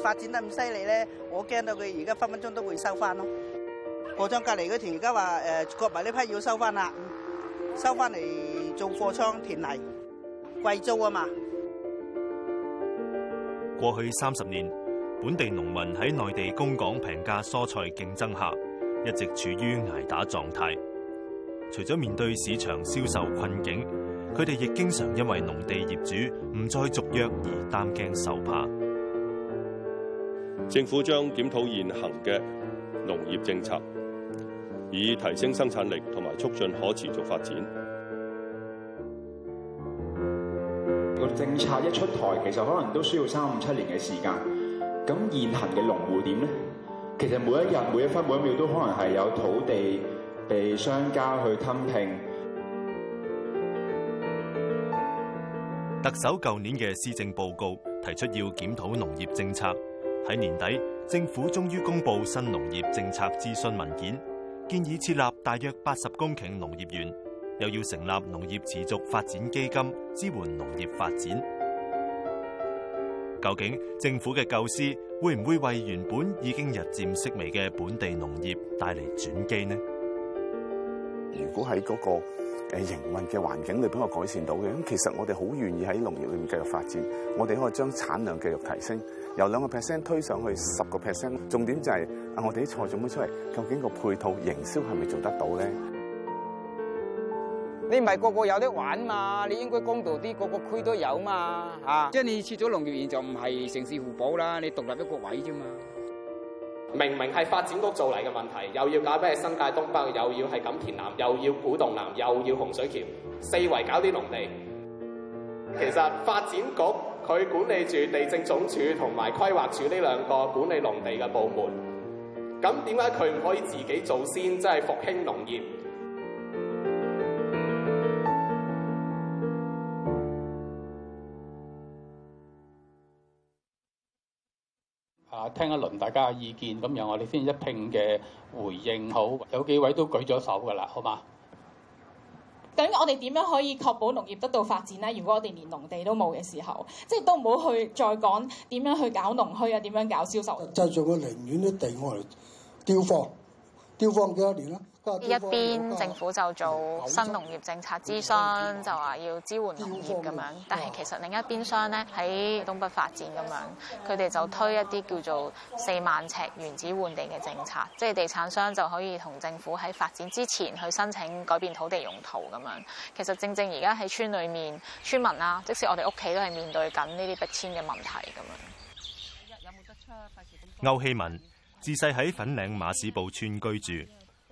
發展得咁犀利咧，我驚到佢而家分分鐘都會收翻咯。貨倉隔離嗰田而家話誒割埋呢批要收翻啦，收翻嚟做貨倉填泥，貴租啊嘛。過去三十年，本地農民喺內地供港平價蔬菜競爭下，一直處於捱打狀態。除咗面對市場銷售困境，佢哋亦經常因為農地業主唔再續約而擔驚受怕。政府將檢討現行嘅農業政策，以提升生產力同埋促進可持續發展。個政策一出台，其實可能都需要三五七年嘅時間。咁現行嘅農戶點呢？其實每一日、每一分、每一秒都可能係有土地被商家去吞併。特首舊年嘅施政報告提出要檢討農業政策。喺年底，政府終於公布新農業政策諮詢文件，建議設立大約八十公頃農業園，又要成立農業持續發展基金支援農業發展。究竟政府嘅構思會唔會為原本已經日漸式微嘅本地農業帶嚟轉機呢？如果喺嗰個誒營運嘅環境裏邊，我改善到嘅咁，其實我哋好願意喺農業裏面繼續發展，我哋可以將產量繼續提升。由兩個 percent 推上去十個 percent，重點就係、是、啊，我哋啲菜種唔出嚟，究竟個配套營銷係咪做得到咧？你唔係個個有得玩嘛？你應該公道啲，個個區都有嘛？嚇、啊！即、就、係、是、你設咗農業園就唔係城市互補啦，你獨立一個位啫嘛。明明係發展局做嚟嘅問題，又要搞咩新界東北，又要係錦田南，又要古洞南，又要洪水橋，四圍搞啲農地。其實發展局。佢管理住地政總署同埋規劃署呢兩個管理農地嘅部門，咁點解佢唔可以自己做先，即係復興農業？啊，聽一輪大家嘅意見，咁樣我哋先一拼嘅回應。好，有幾位都舉咗手㗎啦，好嘛？究竟我哋點樣可以確保農業得到發展咧？如果我哋連農地都冇嘅時候，即係都唔好去再講點樣去搞農墟啊，點樣搞銷售？製造個寧願都啲地我嚟調放，調放幾多年啦？呢一邊政府就做新農業政策諮詢，就話要支援農業咁樣。但係其實另一邊商咧喺東北發展咁樣，佢哋就推一啲叫做四萬尺原址換地嘅政策，即係地產商就可以同政府喺發展之前去申請改變土地用途咁樣。其實正正而家喺村裏面村民啦、啊，即使我哋屋企都係面對緊呢啲逼遷嘅問題咁樣。歐希文自細喺粉嶺馬屎埔村居住。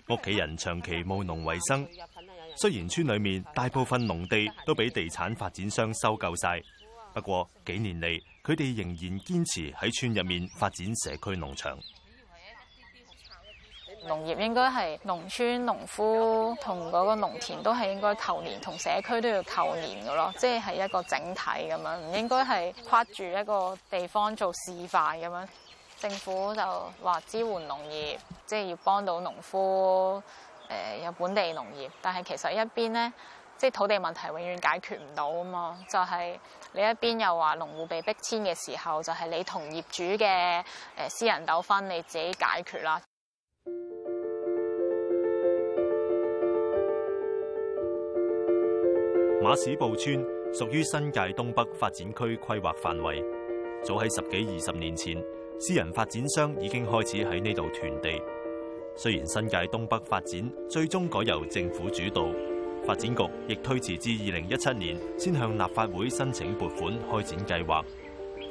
屋企人長期務農為生，雖然村裏面大部分農地都俾地產發展商收購晒，不過幾年嚟，佢哋仍然堅持喺村入面發展社區農場。農業應該係農村農夫同嗰個農田都係應該扣年，同社區都要扣年㗎囉，即係一個整體咁樣，唔應該係跨住一個地方做示範咁樣。政府就話支援農業，即係要幫到農夫誒，有本地農業。但係其實一邊呢，即土地問題永遠解決唔到啊嘛。就係你一邊又話農戶被逼遷嘅時候，就係你同業主嘅誒私人糾紛，你自己解決啦。馬屎埔村屬於新界東北發展區規劃範圍，早喺十幾二十年前。私人發展商已經開始喺呢度囤地，雖然新界東北發展最終改由政府主導，發展局亦推遲至二零一七年先向立法會申請撥款開展計劃，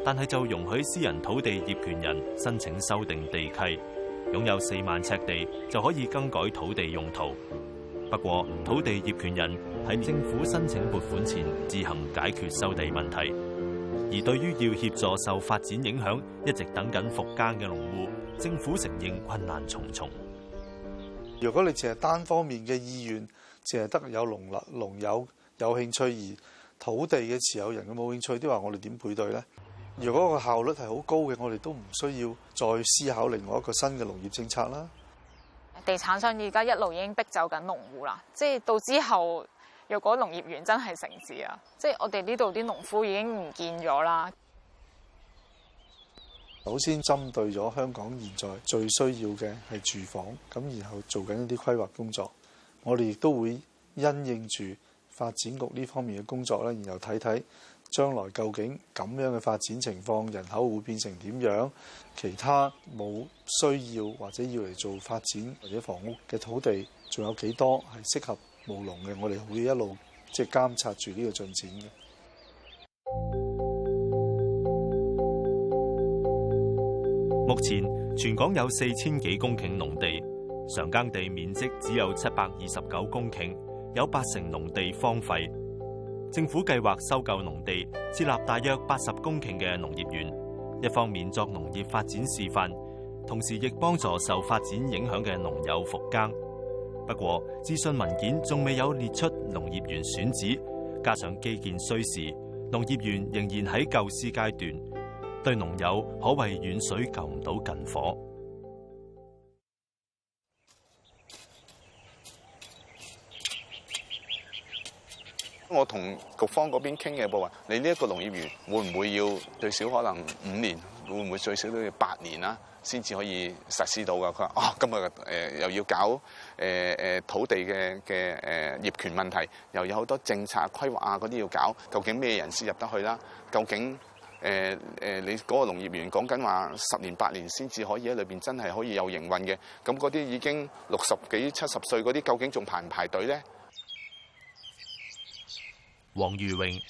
但係就容許私人土地業權人申請修訂地契，擁有四萬尺地就可以更改土地用途。不過，土地業權人喺政府申請撥款前自行解決收地問題。而對於要協助受發展影響，一直等緊復耕嘅農戶，政府承認困難重重。如果你淨係單方面嘅意願，淨係得有農農友有興趣，而土地嘅持有人有冇興趣嘅話，我哋點配對咧？如果個效率係好高嘅，我哋都唔需要再思考另外一個新嘅農業政策啦。地產商而家一路已經逼走緊農戶啦，即係到之後。若果農業園真係城市啊，即係我哋呢度啲農夫已經唔見咗啦。首先針對咗香港現在最需要嘅係住房，咁然後做緊一啲規劃工作，我哋亦都會因應住發展局呢方面嘅工作咧，然後睇睇將來究竟咁樣嘅發展情況，人口會變成點樣？其他冇需要或者要嚟做發展或者房屋嘅土地，仲有幾多係適合？務農嘅，我哋會一路即係監察住呢個進展嘅。目前全港有四千幾公頃農地，常耕地面積只有七百二十九公頃，有八成農地荒廢。政府計劃收購農地，設立大約八十公頃嘅農業園，一方面作農業發展示範，同時亦幫助受發展影響嘅農友復耕。不過，諮詢文件仲未有列出農業園選址，加上基建需時，農業園仍然喺救市階段，對農友可謂遠水救唔到近火。我同局方嗰邊傾嘅部分，你呢一個農業園會唔會要最少可能五年？會唔會最少都要八年啦，先至可以實施到噶？佢話哦，今日誒又要搞。誒、嗯、誒、嗯、土地嘅嘅誒業權問題，又有好多政策規劃啊嗰啲要搞，究竟咩人先入得去啦？究竟誒誒、嗯嗯、你嗰個農業園講緊話十年八年先至可以喺裏邊真係可以有營運嘅，咁嗰啲已經六十幾七十歲嗰啲，究竟仲排唔排隊呢？黃裕榮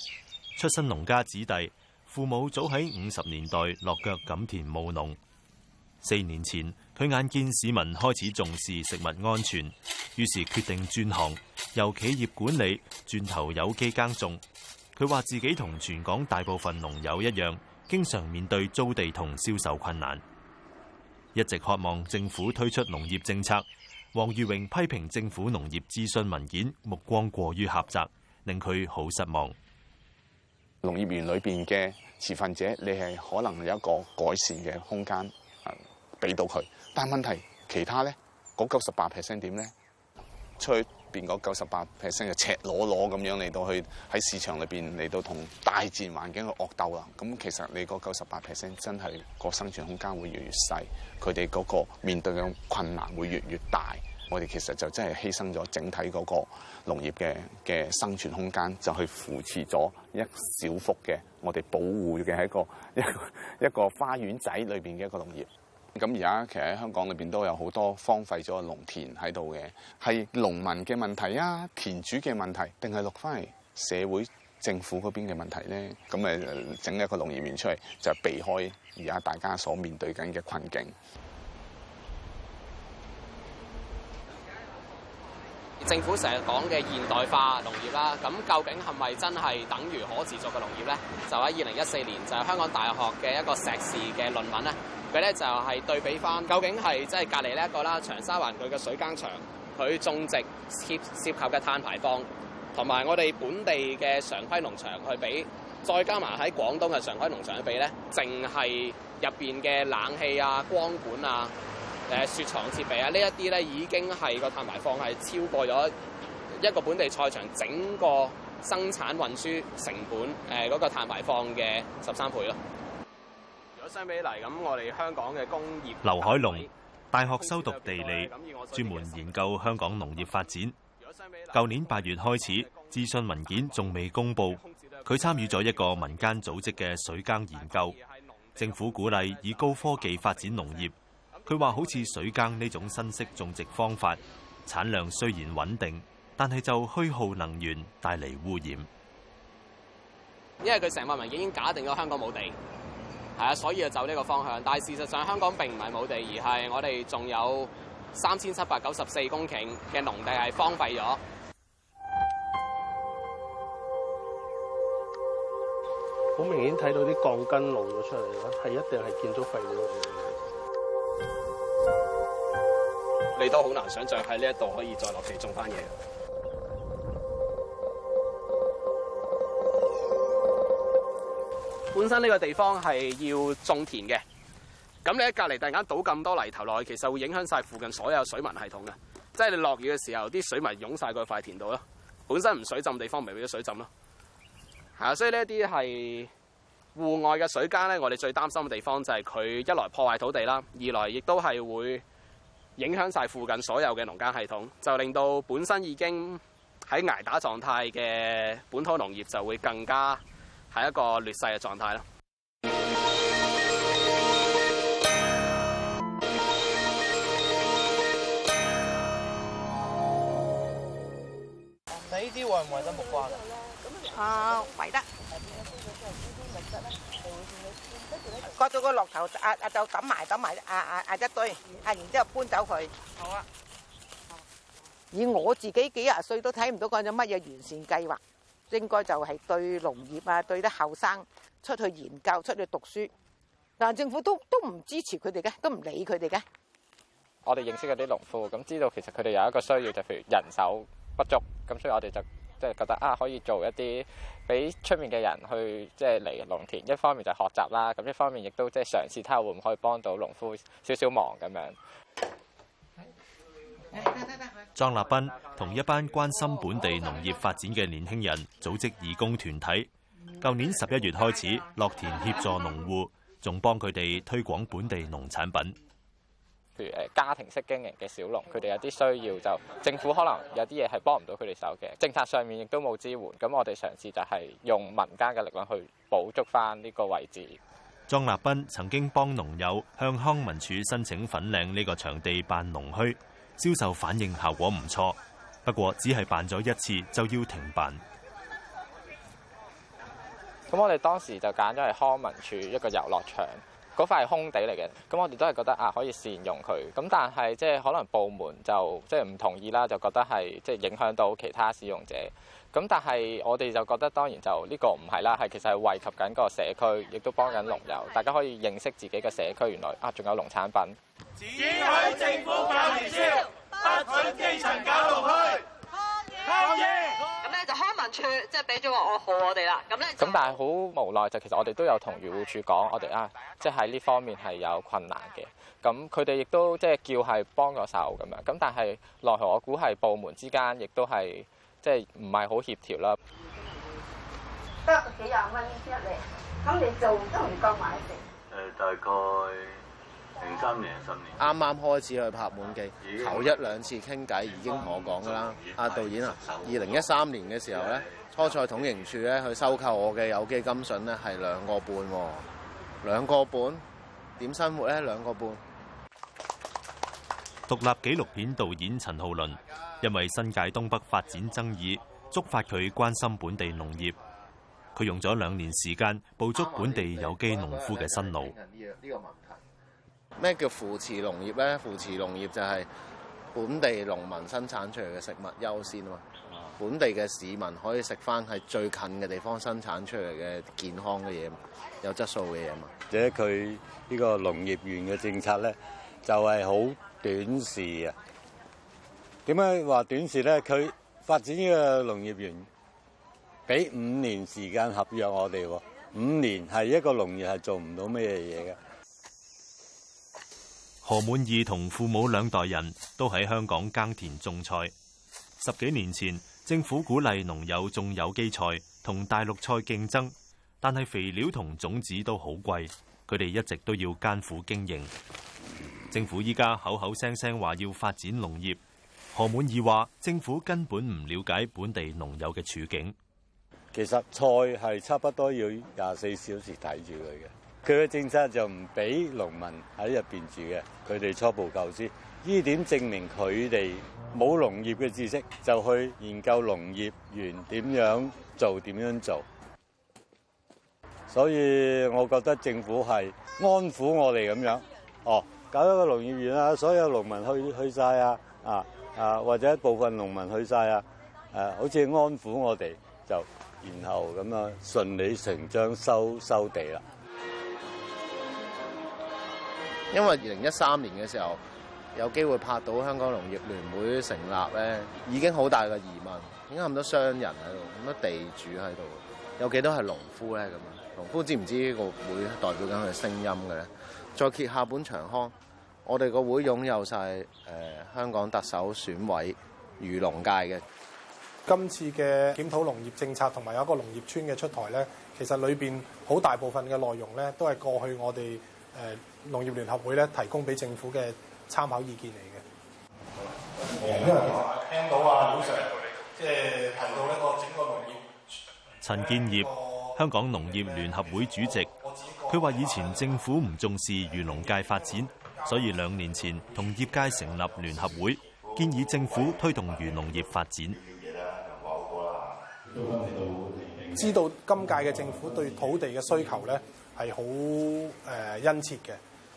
出身農家子弟，父母早喺五十年代落腳錦田務農。四年前，佢眼見市民開始重視食物安全，於是決定轉行，由企業管理轉頭有機耕種。佢話自己同全港大部分農友一樣，經常面對租地同銷售困難，一直渴望政府推出農業政策。黃裕榮批評政府農業諮詢文件目光過於狹窄，令佢好失望。農業園裏邊嘅持份者，你係可能有一個改善嘅空間。俾到佢，但問題其他咧，嗰九十八 percent 點咧，出去邊嗰九十八 percent 就赤裸裸咁樣嚟到去喺市場裏面嚟到同大自然環境嘅惡鬥啦。咁其實你嗰九十八 percent 真係個生存空間會越嚟越細，佢哋嗰個面對嘅困難會越嚟越大。我哋其實就真係犧牲咗整體嗰個農業嘅嘅生存空間，就去扶持咗一小幅嘅我哋保護嘅一個一個一個花園仔裏面嘅一個農業。咁而家其實喺香港裏邊都有好多荒廢咗嘅農田喺度嘅，係農民嘅問題啊，田主嘅問題，定係落翻嚟社會政府嗰邊嘅問題咧？咁誒整一個農業園出嚟，就避開而家大家所面對緊嘅困境。政府成日講嘅現代化農業啦，咁究竟係咪真係等於可持續嘅農業咧？就喺二零一四年，就係香港大學嘅一個碩士嘅論文咧。佢咧就係、是、對比翻，究竟係即係隔離呢一個啦，長沙環佢嘅水耕場，佢種植涉涉及嘅碳排放，同埋我哋本地嘅常規農場去比，再加埋喺廣東嘅常規農場去比咧，淨係入面嘅冷氣啊、光管啊、誒雪藏設備啊，呢一啲咧已經係個碳排放係超過咗一個本地菜場整個生產運輸成本誒嗰個碳排放嘅十三倍咯。相比嚟，咁我哋香港嘅工業。劉海龍大學修讀地理，專門研究香港農業發展。舊年八月開始，諮詢文件仲未公布，佢參與咗一個民間組織嘅水耕研究。政府鼓勵以高科技發展農業，佢話好似水耕呢種新式種植方法，產量雖然穩定，但係就虛耗能源，帶嚟污染。因為佢成個文件已經假定咗香港冇地。係啊，所以要走呢個方向。但係事實上，香港並唔係冇地，而係我哋仲有三千七百九十四公頃嘅農地係荒廢咗。好明顯睇到啲鋼筋露咗出嚟啦，係一定係建築廢料。你都好難想像喺呢一度可以再落地種翻嘢。本身呢個地方係要種田嘅，咁你喺隔籬突然間倒咁多泥頭落去，其實會影響晒附近所有水文系統嘅，即係你落雨嘅時候，啲水咪湧晒嗰塊田度咯。本身唔水浸嘅地方，咪變咗水浸咯。吓，所以呢啲係戶外嘅水間呢，我哋最擔心嘅地方就係佢一來破壞土地啦，二來亦都係會影響晒附近所有嘅農耕系統，就令到本身已經喺捱打狀態嘅本土農業就會更加。係一個劣勢嘅狀態咯。嗱，呢啲會唔會得木瓜嘅？啊，會得。割咗個落頭，阿阿就抌埋抌埋，阿阿阿一堆，啊然之後搬走佢。好啊。以我自己幾廿歲都睇唔到講咗乜嘢完善計劃。應該就係對農業啊，對啲後生出去研究、出去讀書，但政府都都唔支持佢哋嘅，都唔理佢哋嘅。我哋認識嗰啲農夫，咁知道其實佢哋有一個需要，就譬如人手不足，咁所以我哋就即係覺得啊，可以做一啲俾出面嘅人去即係嚟農田，一方面就學習啦，咁一方面亦都即係嘗試睇下會唔可以幫到農夫少少忙咁樣。莊立斌同一班關心本地農業發展嘅年輕人組織義工團體，舊年十一月開始，落田協助農戶，仲幫佢哋推廣本地農產品。譬如誒，家庭式經營嘅小農，佢哋有啲需要就，就政府可能有啲嘢係幫唔到佢哋手嘅，政策上面亦都冇支援。咁我哋嘗試就係用民間嘅力量去補足翻呢個位置。莊立斌曾經幫農友向康文署申請粉嶺呢個場地辦農墟。銷售反應效果唔錯，不過只係辦咗一次就要停辦。咁我哋當時就揀咗係康文署一個遊樂場，嗰塊係空地嚟嘅，咁我哋都係覺得啊可以善用佢，咁但係即係可能部門就即係唔同意啦，就覺得係即係影響到其他使用者。咁但係我哋就覺得當然就呢個唔係啦，係其實係惠及緊個社區，亦都幫緊農友，大家可以認識自己嘅社區。原來啊，仲有農產品。只許政府搞熱銷，不許基層搞農墟。抗議！抗議！咁咧就康文處即係俾咗個惡號我哋啦。咁咧咁但係好無奈就其實我哋都有同漁護處講，我哋啊即係喺呢方面係有困難嘅。咁佢哋亦都即係叫係幫咗手咁樣。咁但係奈何我估係部門之間亦都係。即係唔係好協調啦，得幾廿蚊一嚟，咁你做都唔夠買。成誒大概零三年、十年，啱啱開始去拍滿記，頭一兩次傾偈已經同我講噶啦。阿導演啊，二零一三年嘅時候咧，蔬菜統營處咧去收購我嘅有機甘筍咧，係兩個半喎，兩個半點生活咧兩個半。獨立紀錄片導演陳浩倫。因為新界東北發展爭議，觸發佢關心本地農業。佢用咗兩年時間，捕捉本地有機農夫嘅新路。呢個呢個問題，咩叫扶持農業呢？扶持農業就係本地農民生產出嚟嘅食物優先啊嘛。本地嘅市民可以食翻係最近嘅地方生產出嚟嘅健康嘅嘢嘛，有質素嘅嘢嘛。而且佢呢個農業園嘅政策呢，就係好短視啊！點解話短時呢？佢發展呢個農業園，俾五年時間合約我哋喎。五年係一個農業係做唔到咩嘢嘅。何滿意同父母兩代人都喺香港耕田種菜。十幾年前，政府鼓勵農友種有機菜同大陸菜競爭，但係肥料同種子都好貴，佢哋一直都要艱苦經營。政府依家口口聲聲話要發展農業。何滿意話：政府根本唔了解本地農友嘅處境。其實菜係差不多要廿四小時睇住佢嘅。佢嘅政策就唔俾農民喺入邊住嘅。佢哋初步構思，呢點證明佢哋冇農業嘅知識，就去研究農業園點樣做，點樣做。所以我覺得政府係安撫我哋咁樣。哦，搞一個農業園啊！所有農民去去晒啊！啊！啊，或者一部分農民去晒啊！誒，好似安撫我哋，就然後咁樣順理成章收收地啦。因為二零一三年嘅時候有機會拍到香港農業聯會成立咧，已經好大嘅疑問：點解咁多商人喺度，咁多地主喺度？有幾多係農夫咧？咁樣農夫知唔知個會代表緊佢聲音嘅咧？再揭下本長康。我哋個會擁有晒誒香港特首選委漁農界嘅今次嘅檢討農業政策，同埋有一個農業村嘅出台咧，其實裏邊好大部分嘅內容咧，都係過去我哋誒農業聯合會咧提供俾政府嘅參考意見嚟嘅。因為聽到啊，李主席即係提到呢個整個農業，陳建業香港農業聯合會主席，佢、呃、話、呃呃呃呃呃、以前政府唔重視漁農界發展。所以兩年前同業界成立聯合會，建議政府推動漁農業發展。知道今屆嘅政府對土地嘅需求咧係好誒殷切嘅，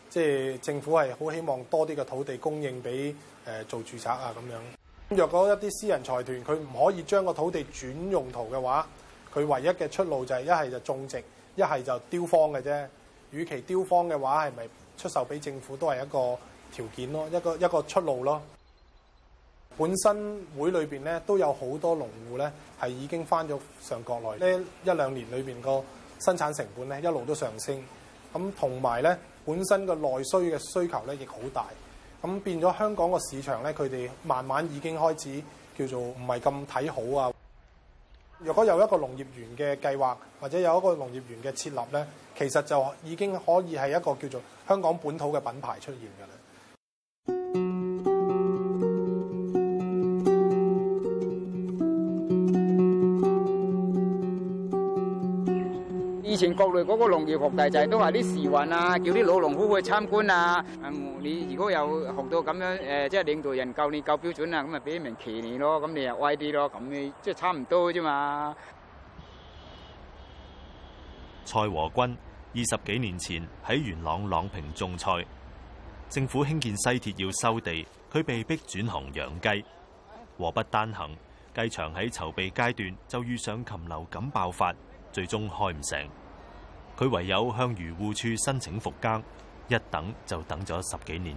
即係政府係好希望多啲嘅土地供應俾誒做住宅啊咁樣。若果一啲私人財團佢唔可以將個土地轉用途嘅話，佢唯一嘅出路就係一係就種植，一係就丟荒嘅啫。與其丟荒嘅話，係咪？出售俾政府都係一個條件咯，一個一個出路咯。本身會裏邊咧都有好多農戶咧係已經返咗上國內，呢一兩年裏邊個生產成本咧一路都上升，咁同埋咧本身個內需嘅需求咧亦好大，咁變咗香港個市場咧佢哋慢慢已經開始叫做唔係咁睇好啊。若果有一個農業園嘅計劃，或者有一個農業園嘅設立咧，其實就已經可以係一個叫做香港本土嘅品牌出現嘅啦。國內嗰個農業局大就係都話啲示範啊，叫啲老農夫去參觀啊。嗯，你如果有學到咁樣誒，即係領導人教你夠標準啊，咁咪俾啲人騎你咯，咁你又威啲咯，咁你即係差唔多啫嘛。蔡和軍二十幾年前喺元朗朗平種菜，政府興建西鐵要收地，佢被逼轉行養雞。禍不單行，雞場喺籌備階段就遇上禽流感爆發，最終開唔成。佢唯有向漁護署申請復耕，一等就等咗十幾年。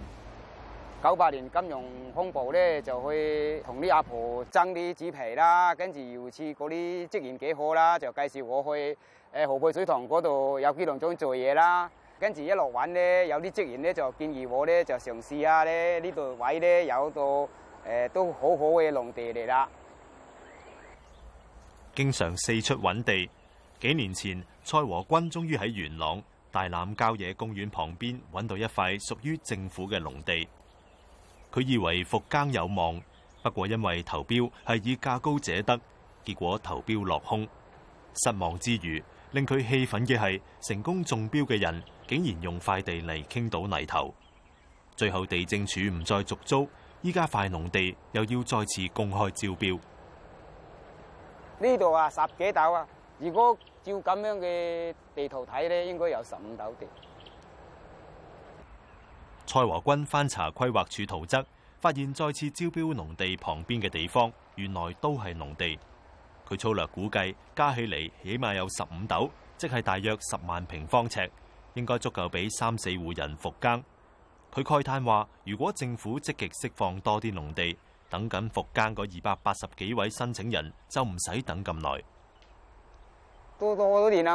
九八年金融風暴咧，就去同啲阿婆爭啲紙皮啦，跟住有次嗰啲職員幾好啦，就介紹我去誒河背水塘嗰度有幾棟鐘做嘢啦。跟住一路揾咧，有啲職員咧就建議我咧就嘗試下咧呢度位咧有個誒都好好嘅農地嚟啦。經常四出揾地，幾年前。蔡和君終於喺元朗大欖郊野公園旁邊揾到一塊屬於政府嘅農地，佢以為復耕有望，不過因為投標係以價高者得，結果投標落空，失望之餘，令佢氣憤嘅係成功中標嘅人竟然用塊地嚟傾倒泥頭，最後地政處唔再續租，依家塊農地又要再次公開招標。呢度啊，十幾斗啊！如果照咁樣嘅地圖睇咧，應該有十五斗地。蔡華軍翻查規劃處圖則，發現再次招標農地旁邊嘅地方，原來都係農地。佢粗略估計加起嚟起碼有十五斗，即係大約十萬平方尺，應該足夠俾三四戶人復耕。佢慨嘆話：如果政府積極釋放多啲農地，等緊復耕嗰二百八十幾位申請人就唔使等咁耐。都多好多年啦，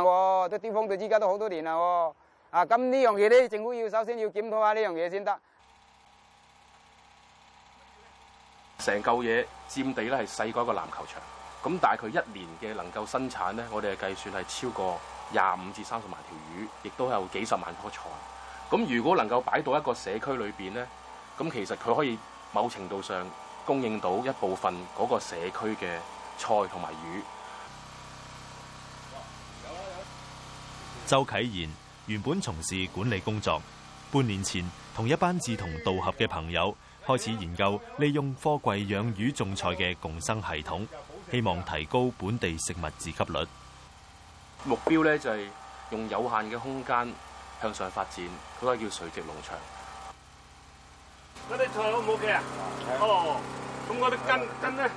都巔峰到依家都好多年啦。啊，咁呢樣嘢咧，政府要首先要檢討下呢樣嘢先得。成嚿嘢佔地咧係細過一個籃球場，咁但係佢一年嘅能夠生產咧，我哋嘅計算係超過廿五至三十萬條魚，亦都有幾十萬棵菜。咁如果能夠擺到一個社區裏邊咧，咁其實佢可以某程度上供應到一部分嗰個社區嘅菜同埋魚。周啟賢原本從事管理工作，半年前同一班志同道合嘅朋友開始研究利用貨櫃養魚種菜嘅共生系統，希望提高本地食物自給率。目標咧就係、是、用有限嘅空間向上發展，佢、那、話、個、叫垂直農場。嗰啲菜好唔好嘅啊？哦，咁嗰啲根根呢？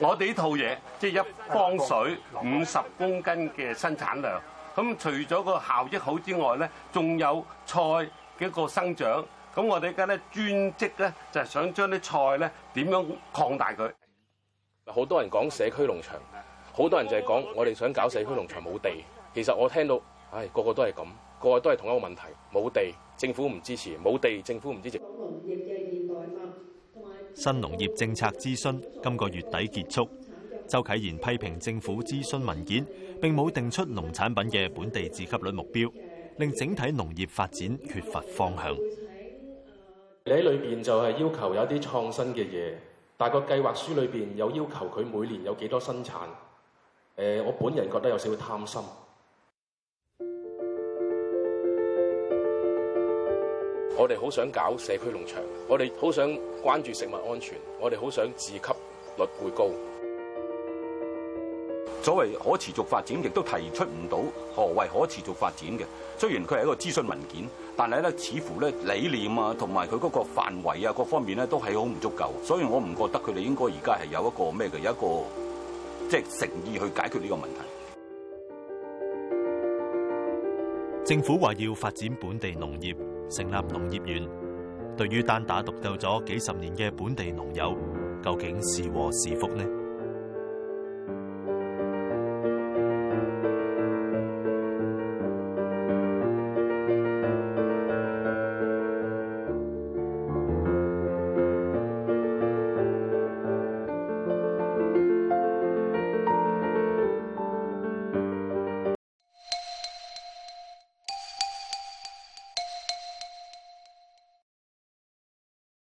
我哋呢套嘢即係一方水五十公斤嘅生產量，咁除咗個效益好之外咧，仲有菜嘅一個生長，咁我哋而家咧專職咧就係想將啲菜咧點樣擴大佢。好多人講社區農場，好多人就係講我哋想搞社區農場冇地。其實我聽到唉，個個都係咁，個個都係同一個問題冇地，政府唔支持，冇地政府唔支持。新農業政策諮詢今個月底結束，周啟賢批評政府諮詢文件並冇定出農產品嘅本地自給率目標，令整體農業發展缺乏方向。你喺裏邊就係要求有啲創新嘅嘢，但個計劃書裏邊有要求佢每年有幾多生產？誒，我本人覺得有少少貪心。我哋好想搞社區農場，我哋好想關注食物安全，我哋好想自給率會高。所謂可持續發展，亦都提出唔到何謂可持續發展嘅。雖然佢係一個諮詢文件，但係咧，似乎咧理念啊，同埋佢嗰個範圍啊，各方面咧都係好唔足夠。所以我唔覺得佢哋應該而家係有一個咩嘅，一個即係、就是、誠意去解決呢個問題。政府話要發展本地農業。成立農業園，對於單打獨鬥咗幾十年嘅本地農友，究竟是禍是福呢？